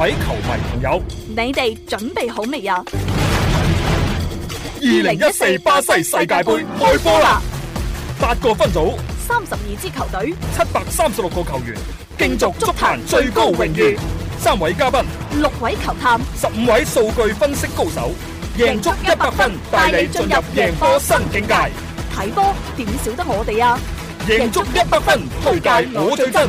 各位球迷朋友，你哋準備好未呀？二零一四巴西世界杯開波啦！八個分組，三十二支球隊，七百三十六個球員，競逐足壇最高榮譽。三位嘉賓，六位球探，十五位數據分析高手，贏足一百分，帶你進入贏波新境界。睇波點少得我哋呀？贏足一百分推介我最真。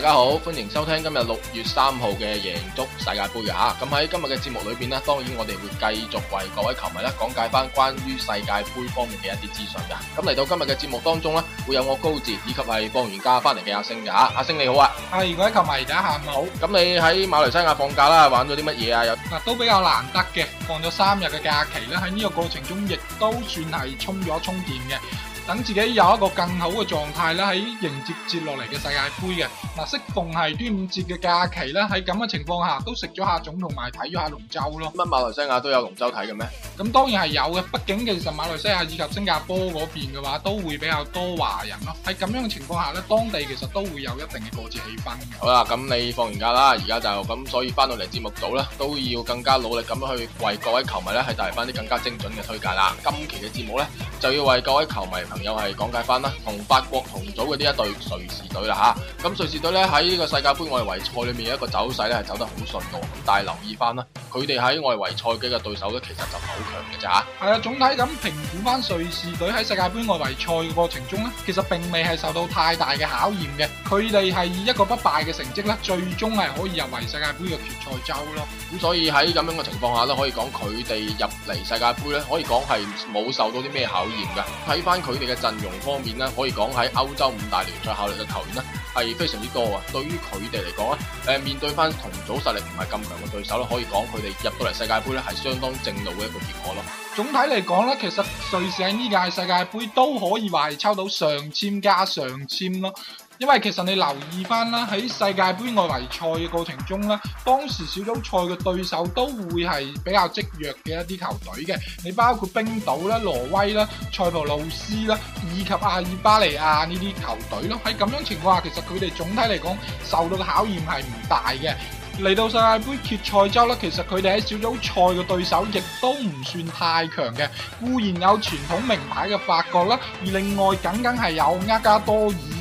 大家好，歡迎收聽今日六月三號嘅贏足世界杯啊，吓，咁喺今日嘅節目裏邊呢，當然我哋會繼續為各位球迷咧講解翻關於世界杯方面嘅一啲資訊噶。咁嚟到今日嘅節目當中呢，會有我高志以及係放完假翻嚟嘅阿星噶吓，阿星你好啊，係，各位球迷大家下午好。咁你喺馬來西亞放假啦，玩咗啲乜嘢啊？有嗱，都比較難得嘅，放咗三日嘅假期啦，喺呢個過程中亦都算係充咗充電嘅，等自己有一個更好嘅狀態咧，喺迎接接落嚟嘅世界杯嘅。嗱，適逢係端午節嘅假期啦，喺咁嘅情況下，都食咗下粽同埋睇咗下龍舟咯。乜馬來西亞都有龍舟睇嘅咩？咁當然係有嘅，畢竟其實馬來西亞以及新加坡嗰邊嘅話，都會比較多華人咯。喺咁樣嘅情況下咧，當地其實都會有一定嘅過節氣氛嘅。好啦，咁你放完假啦，而家就咁，所以翻到嚟節目組咧，都要更加努力咁樣去為各位球迷咧，係帶嚟翻啲更加精準嘅推介啦。今期嘅節目咧，就要為各位球迷朋友係講解翻啦，同法國同組嘅呢一隊瑞士隊啦嚇。咁瑞士隊，咧喺呢個世界杯外圍賽裏面一個走勢咧，係走得好順咯，但係留意翻啦，佢哋喺外圍賽嘅對手咧，其實就唔係好強嘅咋吓。係啊，總體咁評估翻瑞士隊喺世界杯外圍賽嘅過程中咧，其實並未係受到太大嘅考驗嘅。佢哋係以一個不敗嘅成績咧，最終係可以入圍世界杯嘅決賽周咯。咁所以喺咁樣嘅情況下咧，可以講佢哋入嚟世界杯咧，可以講係冇受到啲咩考驗嘅。睇翻佢哋嘅陣容方面咧，可以講喺歐洲五大聯賽效力嘅球員呢，係非常之。對於佢哋嚟講啊，誒、呃、面對翻同組實力唔係咁強嘅對手咯，可以講佢哋入到嚟世界杯咧係相當正路嘅一個結果咯。總體嚟講咧，其實瑞士喺呢屆世界杯都可以話係抽到上簽加上簽咯。因為其實你留意翻啦，喺世界杯外圍賽嘅過程中啦，當時小組賽嘅對手都會係比較積弱嘅一啲球隊嘅，你包括冰島啦、挪威啦、塞浦路斯啦，以及阿爾巴尼亞呢啲球隊咯。喺咁樣情況下，其實佢哋總體嚟講受到嘅考驗係唔大嘅。嚟到世界杯決賽周啦，其實佢哋喺小組賽嘅對手亦都唔算太強嘅，固然有傳統名牌嘅法國啦，而另外僅僅係有厄加多爾。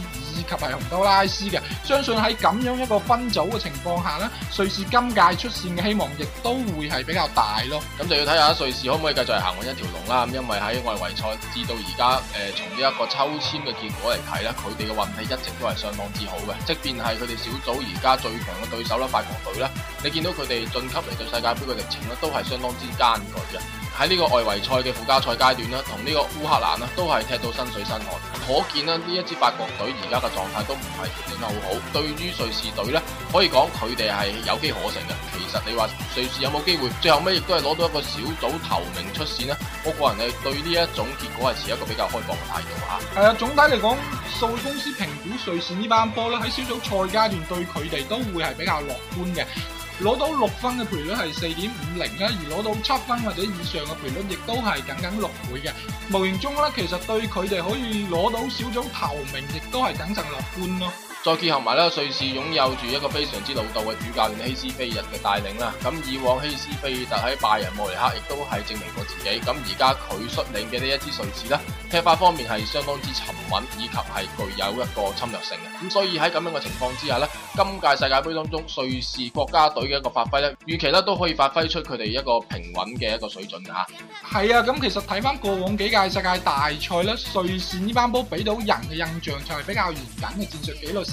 及係洪刀拉斯嘅，相信喺咁樣一個分組嘅情況下咧，瑞士今屆出線嘅希望亦都會係比較大咯。咁就要睇下瑞士可唔可以繼續行運一條龍啦。咁因為喺外圍賽至到而家，誒從呢一個抽籤嘅結果嚟睇咧，佢哋嘅運氣一直都係相當之好嘅。即便係佢哋小組而家最強嘅對手啦，法國隊咧，你見到佢哋晉級嚟到世界杯嘅歷程咧，都係相當之艱巨嘅。喺呢個外圍賽嘅附加賽階段啦，同呢個烏克蘭啊，都係踢到身水身汗，可見呢，呢一支法國隊而家嘅狀態都唔係表現得好好。對於瑞士隊呢，可以講佢哋係有機可乘嘅。其實你話瑞士有冇機會？最後尾亦都係攞到一個小組頭名出線呢？我個人咧對呢一種結果係持一個比較開放嘅態度吓。係、呃、啊，總體嚟講，數據公司評估瑞士呢班波咧喺小組賽階段對佢哋都會係比較樂觀嘅。攞到六分嘅賠率係四點五零啦，而攞到七分或者以上嘅賠率，亦都係僅僅六倍嘅。無形中呢，其實對佢哋可以攞到小組頭名，亦都係謹慎樂觀囉。再結合埋呢，瑞士擁有住一個非常之老道嘅主教練希斯菲特嘅帶領啦。咁以往希斯菲特喺拜仁慕尼黑亦都係證明過自己。咁而家佢率領嘅呢一支瑞士呢踢法方面係相當之沉穩，以及係具有一個侵略性嘅。咁所以喺咁樣嘅情況之下呢，今屆世界杯當中，瑞士國家隊嘅一個發揮呢，預期呢都可以發揮出佢哋一個平穩嘅一個水準吓。係啊，咁其實睇返過往幾屆世界大賽呢，瑞士呢班波俾到人嘅印象就係比較嚴謹嘅戰術紀錄。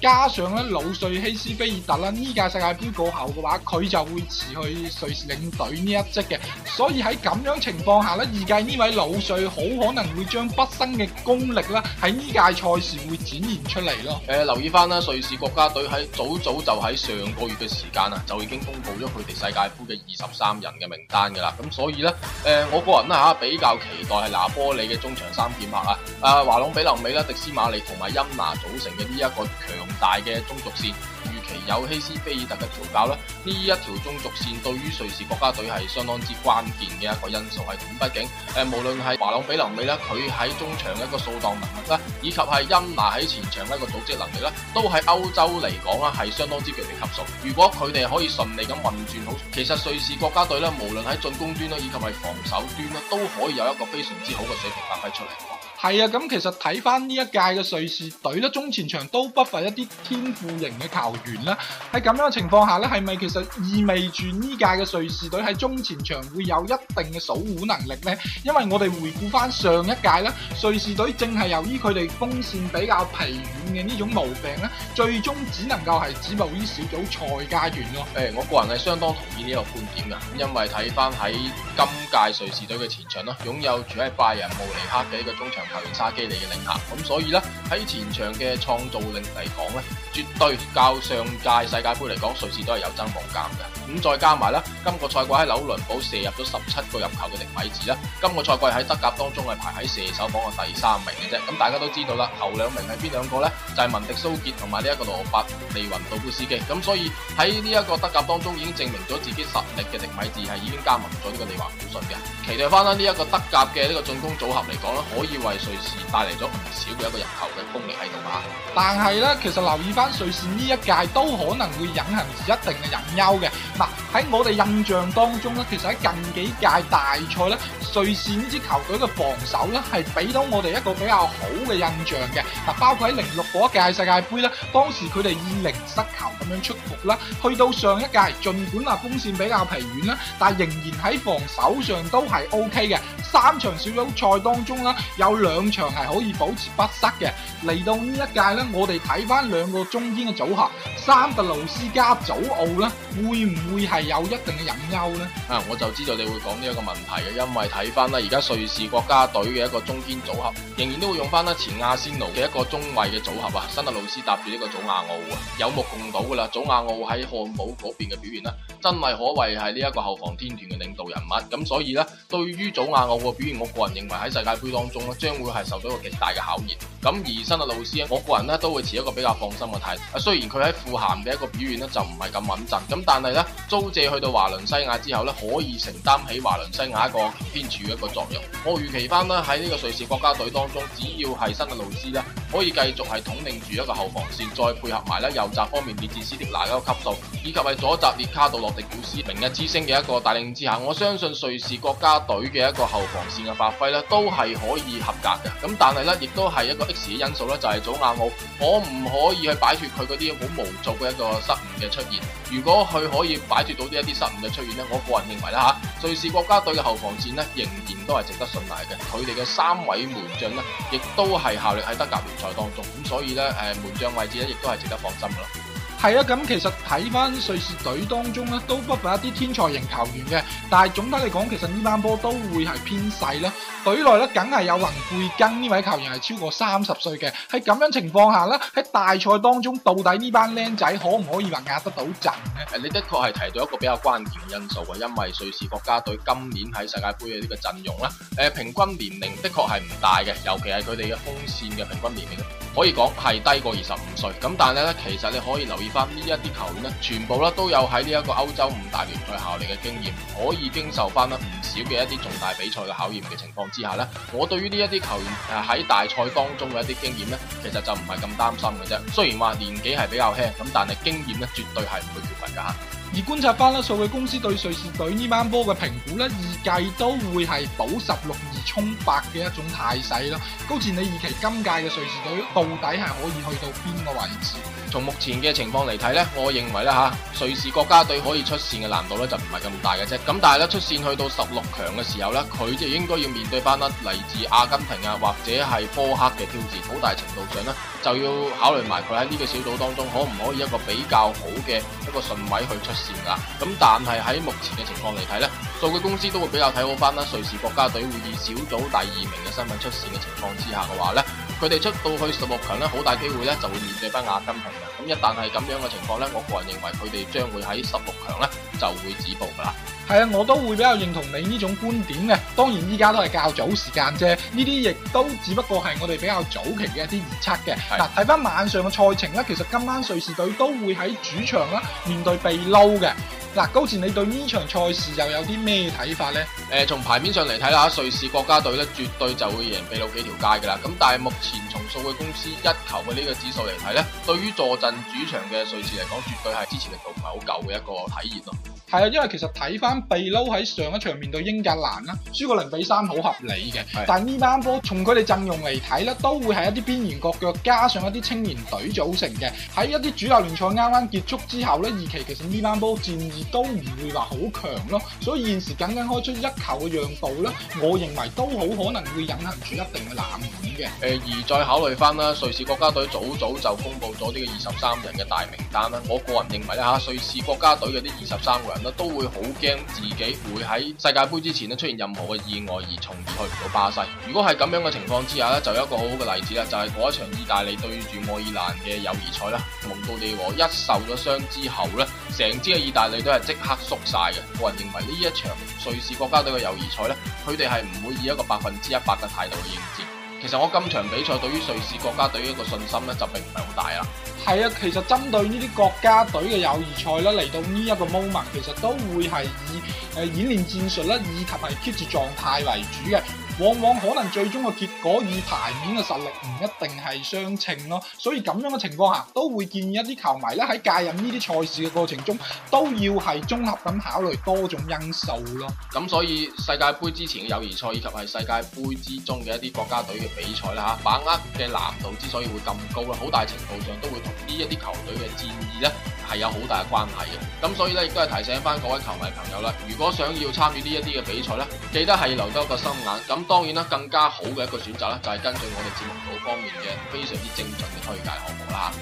加上咧老帥希斯菲爾特啦，呢屆世界杯過後嘅話，佢就會辭去瑞士領隊呢一職嘅，所以喺咁樣情況下呢二屆呢位老帥好可能會將畢生嘅功力啦，喺呢屆賽事會展現出嚟咯。誒、呃，留意翻啦，瑞士國家隊喺早早就喺上個月嘅時間啊，就已經公布咗佢哋世界杯嘅二十三人嘅名單噶啦。咁所以呢，誒、呃，我個人啦吓比較期待係拿波里嘅中場三劍客啊，阿華隆比、劉美啦、迪斯馬利同埋恩拿組成嘅。呢、這、一個強大嘅中軸線，預期有希斯菲爾特嘅調教啦。呢一條中軸線對於瑞士國家隊係相當之關鍵嘅一個因素係，畢竟誒，無論係華朗比流美啦，佢喺中場嘅一個掃蕩能力啦，以及係恩拿喺前場一個組織能力啦，都係歐洲嚟講啦係相當之距離級數。如果佢哋可以順利咁運轉好，其實瑞士國家隊咧，無論喺進攻端啦，以及係防守端啦都可以有一個非常之好嘅水平發揮出嚟。係啊，咁其實睇翻呢一屆嘅瑞士隊咧，中前場都不乏一啲天賦型嘅球員啦。喺咁樣嘅情況下咧，係咪其實意味住呢屆嘅瑞士隊喺中前場會有一定嘅守虎能力呢？因為我哋回顧翻上一屆咧，瑞士隊正係由於佢哋鋒線比較疲軟嘅呢種毛病咧，最終只能夠係止步於小組賽階段咯。誒、哎，我個人係相當同意呢個觀點噶，因為睇翻喺今屆瑞士隊嘅前場囉，擁有住喺拜仁慕尼黑嘅一個中場。球員沙基利嘅領銜，咁，所以呢，喺前場嘅創造力嚟講呢，絕對較上屆世界盃嚟講，瑞士都係有增無減嘅。咁再加埋咧，今個賽季喺紐倫堡射入咗十七個入球嘅迪米治咧，今個賽季喺德甲當中係排喺射手榜嘅第三名嘅啫。咁大家都知道啦，頭兩名係邊兩個呢？就係、是、文迪蘇傑同埋呢一個羅伯利雲道夫斯基。咁所以喺呢一個德甲當中已經證明咗自己實力嘅迪米治係已經加盟咗呢個利華古遜嘅。期待翻啦呢一個德甲嘅呢個進攻組合嚟講咧，可以為瑞士帶嚟咗唔少嘅一個人口嘅功力喺度啊，但係咧，其實留意翻瑞士呢一屆都可能會隱含住一定嘅隱憂嘅。嗱喺我哋印象當中咧，其實喺近幾屆大賽咧，瑞士呢支球隊嘅防守咧係俾到我哋一個比較好嘅印象嘅。嗱，包括喺零六嗰一屆世界盃咧，當時佢哋以零失球咁樣出局啦。去到上一屆，儘管啊攻線比較疲軟啦，但係仍然喺防守上都係 OK 嘅。三場小組賽當中啦，有兩場係可以保持不失嘅。嚟到呢一屆咧，我哋睇翻兩個中堅嘅組合。三特魯斯加祖奧咧，會唔會係有一定嘅隱憂呢？啊、嗯，我就知道你會講呢一個問題嘅，因為睇翻咧，而家瑞士國家隊嘅一個中堅組合，仍然都會用翻咧前亞仙奴嘅一個中衞嘅組合啊，新特魯斯搭住呢個祖亞奧啊，有目共睹噶啦，祖亞奧喺漢堡嗰邊嘅表現咧，真係可謂係呢一個後防天團嘅領導人物。咁所以呢，對於祖亞奧嘅表現，我個人認為喺世界盃當中，將會係受到一個極大嘅考驗。咁而新特魯斯，我個人咧都會持一個比較放心嘅態度。啊，雖然佢喺～副咸嘅一個表現咧就唔係咁穩陣，咁但係呢租借去到華倫西亞之後呢，可以承擔起華倫西亞一個偏天柱一個作用。我預期翻呢，喺呢個瑞士國家隊當中，只要係新嘅盧斯呢可以繼續係統領住一個後防線，再配合埋呢右閘方面列治斯迪拿一個級數，以及係左閘列卡度洛迪古斯明日之星嘅一個帶領之下，我相信瑞士國家隊嘅一個後防線嘅發揮呢都係可以合格嘅。咁但係呢亦都係一個 X 嘅因素呢，就係祖亞奧可唔可以去擺脫佢嗰啲好無。做過一個失誤嘅出現，如果佢可以擺脫到呢一啲失誤嘅出現咧，我個人認為咧吓，瑞士國家隊嘅後防線咧仍然都係值得信賴嘅，佢哋嘅三位門將咧亦都係效力喺德甲聯賽當中，咁所以咧誒，門將位置咧亦都係值得放心噶啦。係啊，咁其實睇翻瑞士隊當中咧，都不乏一啲天才型球員嘅。但係總體嚟講，其實呢班波都會係偏細啦。隊內咧，梗係有雲貝根呢位球員係超過三十歲嘅。喺咁樣情況下咧，喺大賽當中到底呢班僆仔可唔可以話壓得到陣？誒，你的確係提到一個比較關鍵嘅因素啊，因為瑞士國家隊今年喺世界杯嘅呢個陣容啦，誒，平均年齡的確係唔大嘅，尤其係佢哋嘅鋒線嘅平均年齡，可以講係低過二十五歲。咁但係咧，其實你可以留意翻呢一啲球員咧，全部咧都有喺呢一個歐洲五大聯賽效力嘅經驗，可以經受翻啦唔少嘅一啲重大比賽嘅考驗嘅情況之下咧，我對於呢一啲球員誒喺大賽當中嘅一啲經驗咧，其實就唔係咁擔心嘅啫。雖然話年紀係比較輕，咁但係經驗咧絕對係唔會缺乏噶。而觀察翻啦，數據公司對瑞士隊呢班波嘅評估咧，預計都會係保十六而衝八嘅一種態勢啦。高志你預期今屆嘅瑞士隊到底係可以去到邊個位置？從目前嘅情況嚟睇呢，我認為呢吓瑞士國家隊可以出線嘅難度呢就唔係咁大嘅啫。咁但係呢出線去到十六強嘅時候呢，佢就應該要面對翻啦嚟自阿根廷啊或者係波克嘅挑戰，好大程度上呢，就要考慮埋佢喺呢個小組當中可唔可以一個比較好嘅一個順位去出線㗎。咁但係喺目前嘅情況嚟睇呢，數據公司都會比較睇好翻啦。瑞士國家隊會以小組第二名嘅身份出線嘅情況之下嘅話呢。佢哋出到去十六強咧，好大機會咧就會面對翻阿根廷嘅。咁一旦係咁樣嘅情況咧，我個人認為佢哋將會喺十六強咧就會止步噶啦。係啊，我都會比較認同你呢種觀點嘅。當然依家都係較早時間啫，呢啲亦都只不過係我哋比較早期嘅一啲預測嘅。嗱、啊，睇翻晚上嘅賽程咧，其實今晚瑞士隊都會喺主場啦面對被撈嘅。嗱，高前你對呢場賽事又有啲咩睇法呢？誒、呃，從牌面上嚟睇啦，瑞士國家隊咧絕對就會贏秘魯幾條街噶啦。咁但係目前從數據公司一球嘅呢個指數嚟睇咧，對於坐鎮主場嘅瑞士嚟講，絕對係支持力度唔係好夠嘅一個體驗咯。係啊，因為其實睇翻秘魯喺上一場面對英格蘭啦，輸零比三好合理嘅。但呢班波從佢哋陣容嚟睇啦，都會係一啲邊緣國腳加上一啲青年隊組成嘅。喺一啲主流聯賽啱啱結束之後咧，二期其實呢班波戰意都唔會話好強咯。所以現時僅僅開出一球嘅讓步咧，我認為都好可能會隱含住一定嘅冷門嘅。誒，而再考慮翻啦，瑞士國家隊早早就公布咗呢個二十三人嘅大名單啦。我個人認為啊，吓，瑞士國家隊嘅啲二十三個人。都會好驚自己會喺世界杯之前出現任何嘅意外而從去唔到巴西。如果係咁樣嘅情況之下呢，就有一個好好嘅例子啦，就係嗰一場意大利對住愛爾蘭嘅友誼賽啦。蒙多利和一受咗傷之後呢，成支嘅意大利都係即刻縮晒嘅。個人認為呢一場瑞士國家隊嘅友誼賽呢，佢哋係唔會以一個百分之一百嘅態度去應戰。其實我今場比賽對於瑞士國家隊一個信心呢，就並唔係好大啦。係啊，其實針對呢啲國家隊嘅友誼賽咧，嚟到呢一個 moment，其實都會係以誒演，呃、練戰術啦，以及係 keep 住狀態為主嘅。往往可能最終嘅結果以牌面嘅實力唔一定係相稱咯。所以咁樣嘅情況下，都會建議一啲球迷咧喺介入呢啲賽事嘅過程中，都要係綜合咁考慮多種因素咯。咁所以世界杯之前嘅友誼賽以及係世界杯之中嘅一啲國家隊嘅比賽啦，吓，把握嘅難度之所以會咁高啦，好大程度上都會同，呢一啲球隊嘅戰意咧，係有好大嘅關係嘅。咁所以咧，亦都係提醒翻各位球迷朋友啦。如果想要參與呢一啲嘅比賽咧，記得係留多一個心眼。咁當然啦，更加好嘅一個選擇咧，就係根據我哋節目組方面嘅非常之精準嘅推介項目啦。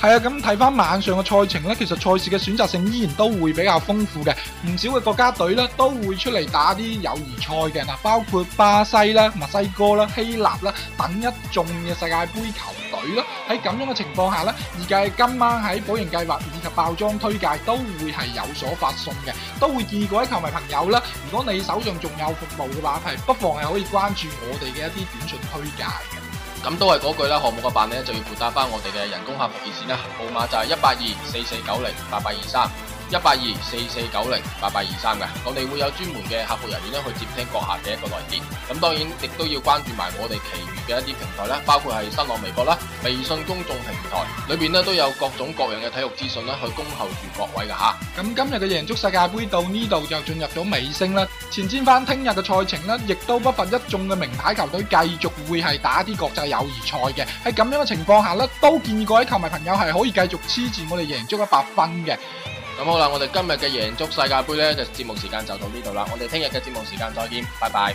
係啊，咁睇翻晚上嘅賽程咧，其實賽事嘅選擇性依然都會比較豐富嘅。唔少嘅國家隊咧都會出嚟打啲友誼賽嘅。嗱，包括巴西啦、墨西哥啦、希臘啦等一眾嘅世界杯球。喺咁樣嘅情況下咧，而家今晚喺保營計劃以及爆裝推介都會係有所發送嘅，都會建議各位球迷朋友咧，如果你手上仲有服務嘅話，係不妨係可以關注我哋嘅一啲短信推介嘅。咁都係嗰句啦，項目嘅辦理咧就要撥打翻我哋嘅人工客服熱線啦，號碼就係一八二四四九零八八二三。一八二四四九零八八二三嘅，我哋會有專門嘅客服人員咧，去接聽閣下嘅一個來電。咁當然亦都要關注埋我哋其餘嘅一啲平台啦，包括係新浪微博啦、微信公眾平台裏邊咧，都有各種各樣嘅體育資訊咧去恭候住各位嘅吓。咁今日嘅贏足世界杯到呢度就進入咗尾聲啦。前瞻翻聽日嘅賽程咧，亦都不乏一眾嘅名牌球隊繼續會係打啲國際友誼賽嘅。喺咁樣嘅情況下咧，都建議各位球迷朋友係可以繼續黐住我哋贏足一百分嘅。咁好啦，我哋今日嘅贏足世界杯呢，就節目時間就到呢度啦。我哋聽日嘅節目時間再見，拜拜。